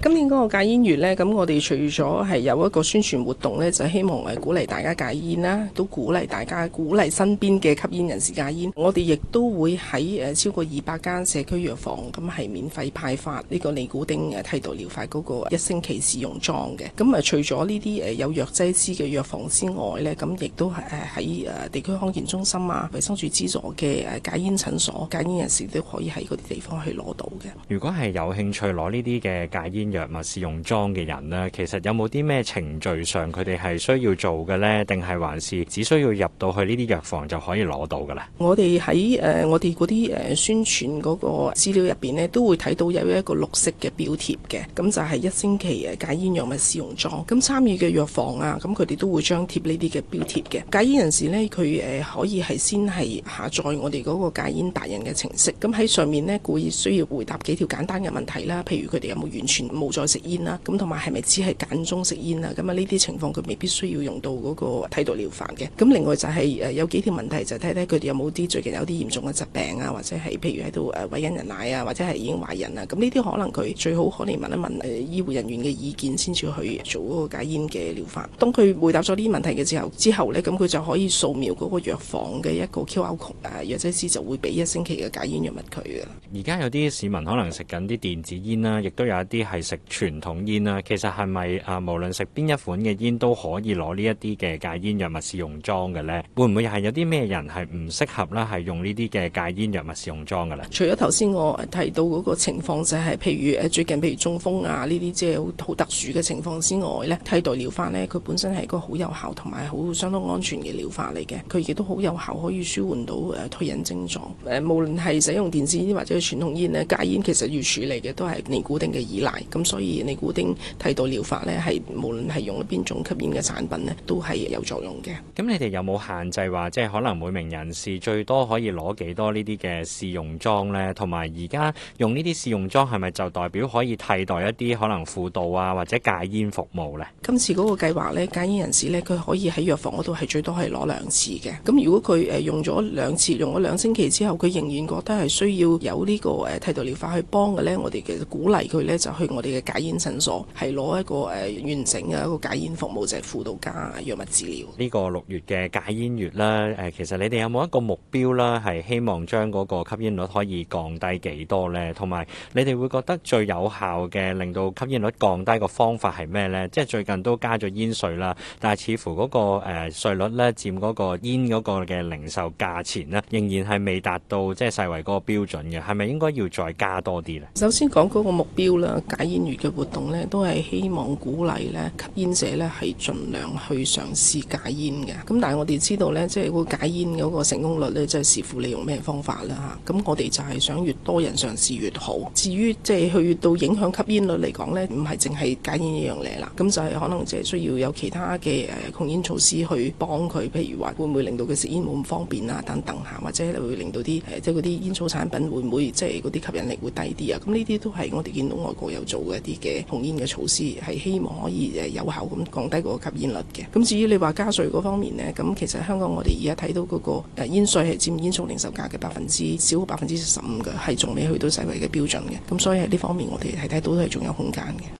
今年嗰個戒煙月咧，咁我哋除咗係有一個宣傳活動咧，就希望係鼓勵大家戒煙啦，都鼓勵大家鼓勵身邊嘅吸煙人士戒煙。我哋亦都會喺誒超過二百間社區藥房，咁係免費派發呢個尼古丁誒替代療法嗰個一星期試用裝嘅。咁啊，除咗呢啲誒有藥劑師嘅藥房之外咧，咁亦都係誒喺誒地區康健中心啊、衛生署資助嘅誒戒煙診所、戒煙人士都可以喺嗰啲地方去攞到嘅。如果係有興趣攞呢啲嘅戒煙，藥物試用裝嘅人咧，其實有冇啲咩程序上佢哋係需要做嘅呢？定係還是只需要入到去呢啲藥房就可以攞到㗎喇，呃？我哋喺誒我哋嗰啲誒宣傳嗰個資料入邊呢，都會睇到有一個綠色嘅標貼嘅，咁就係一星期誒戒煙藥物試用裝。咁參與嘅藥房啊，咁佢哋都會張貼呢啲嘅標貼嘅。戒煙人士呢，佢誒可以係先係下載我哋嗰個戒煙達人嘅程式，咁喺上面呢，故意需要回答幾條簡單嘅問題啦，譬如佢哋有冇完全。冇再食煙啦，咁同埋係咪只係間中食煙啊？咁啊呢啲情況佢未必需要用到嗰個替代療法嘅。咁另外就係誒有幾條問題，就睇睇佢哋有冇啲最近有啲嚴重嘅疾病啊，或者係譬如喺度誒餵緊人奶啊，或者係已經懷孕啊。咁呢啲可能佢最好可能問一問醫護人員嘅意見，先至去做嗰個戒煙嘅療法。當佢回答咗呢啲問題嘅時候之後呢，咁佢就可以掃描嗰個藥房嘅一個 QR code，藥劑師就會俾一星期嘅戒煙藥物佢嘅。而家有啲市民可能食緊啲電子煙啦，亦都有一啲係。食傳統煙啊，其實係咪啊，無論食邊一款嘅煙都可以攞呢一啲嘅戒煙藥物試用裝嘅咧？會唔會係有啲咩人係唔適合咧？係用呢啲嘅戒煙藥物試用裝噶咧？除咗頭先我提到嗰個情況就係，譬如誒最近譬如中風啊呢啲即係好特殊嘅情況之外咧，替代療法咧佢本身係一個好有效同埋好相當安全嘅療法嚟嘅，佢亦都好有效可以舒緩到誒退癮症狀誒，無論係使用電子煙或者傳統煙咧，戒煙其實要處理嘅都係尼古丁嘅依賴。咁所以尼古丁替代療法咧，係無論係用邊種吸煙嘅產品咧，都係有作用嘅。咁你哋有冇限制話，即係可能每名人士最多可以攞幾多呢啲嘅試用裝咧？同埋而家用呢啲試用裝，係咪就代表可以替代一啲可能輔導啊，或者戒煙服務咧？今次嗰個計劃咧，戒煙人士咧，佢可以喺藥房嗰度係最多係攞兩次嘅。咁如果佢誒用咗兩次，用咗兩星期之後，佢仍然覺得係需要有呢個誒替代療法去幫嘅咧，我哋嘅鼓勵佢咧就去我哋。嘅戒煙診所係攞一個誒完整嘅一個戒煙服務，即係輔導加藥物治療。呢個六月嘅戒煙月咧，誒其實你哋有冇一個目標咧，係希望將嗰個吸煙率可以降低幾多咧？同埋你哋會覺得最有效嘅令到吸煙率降低個方法係咩咧？即係最近都加咗煙稅啦，但係似乎嗰個誒稅率咧，佔嗰個煙嗰個嘅零售價錢咧，仍然係未達到即係世衞嗰個標準嘅，係咪應該要再加多啲咧？首先講嗰個目標啦，戒煙。嘅活動咧，都係希望鼓勵咧吸煙者咧係盡量去嘗試戒煙嘅。咁但係我哋知道咧，即係個戒煙嗰個成功率咧，即係視乎你用咩方法啦嚇。咁我哋就係想越多人嘗試越好。至於即係去到影響吸煙率嚟講咧，唔係淨係戒煙一樣嘢啦。咁就係可能即係需要有其他嘅誒控煙措施去幫佢，譬如話會唔會令到佢食煙冇咁方便啊等等嚇，或者會令到啲誒即係嗰啲煙草產品會唔會即係嗰啲吸引力會低啲啊？咁呢啲都係我哋見到外國有做的。一啲嘅控煙嘅措施，係希望可以誒有效咁降低嗰個吸煙率嘅。咁至於你話加稅嗰方面咧，咁其實香港我哋而家睇到嗰個誒煙稅係佔煙草零售價嘅百分之少過百分之十五嘅，係仲未去到世衛嘅標準嘅。咁所以喺呢方面我哋係睇到都係仲有空間嘅。